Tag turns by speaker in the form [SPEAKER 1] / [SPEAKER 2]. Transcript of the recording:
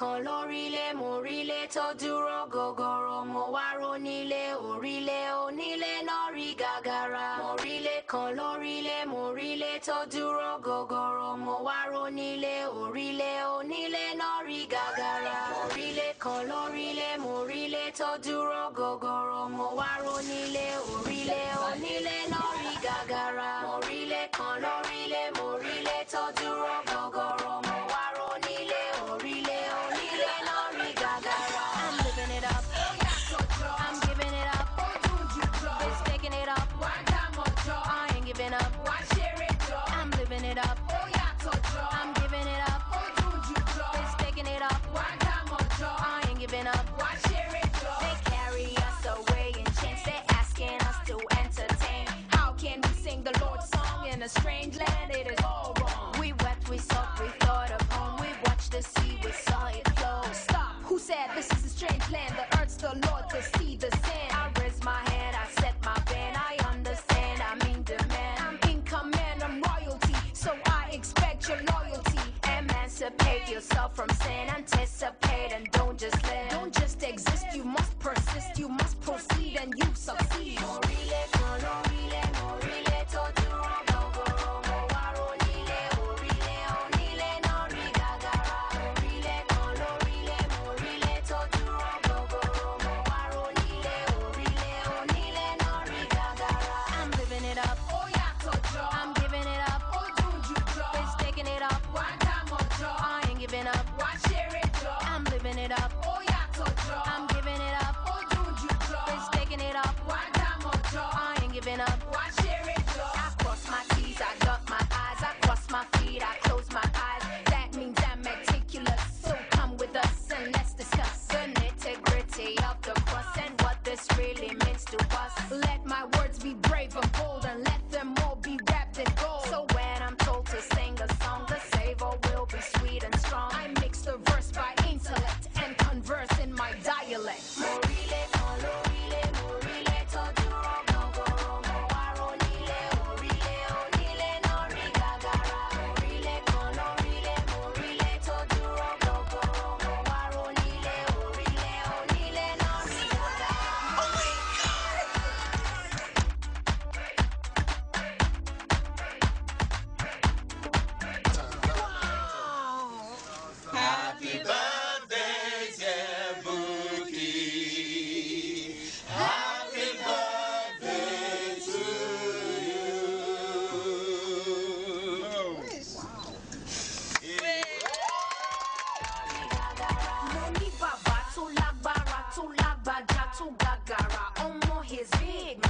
[SPEAKER 1] kan lórílẹ̀ mórílẹ̀ tó dúró gogoro mo wá ronílẹ̀ orílẹ̀ onílẹ̀ náà rí gàgàrà. mórílẹ̀ kan lórílẹ̀ mórílẹ̀ tó dúró gogoro mo wá ronílẹ̀ orílẹ̀ onílẹ̀ náà rí gàgàrà. mórílẹ̀ kan lórílẹ̀ mórílẹ̀ tó dúró gogoro mo wá ronílẹ̀ orílẹ̀.
[SPEAKER 2] and it is all wrong. We wept, we sobbed, we thought of home. We watched the sea, we saw it flow. Stop, who said this is a strange land? The earth's the Lord to see the sand. I raise my hand, I set my band. I understand, i mean demand. I'm in command, I'm royalty. So I expect your loyalty. Emancipate yourself from sin, anticipate. Gaga, more his big.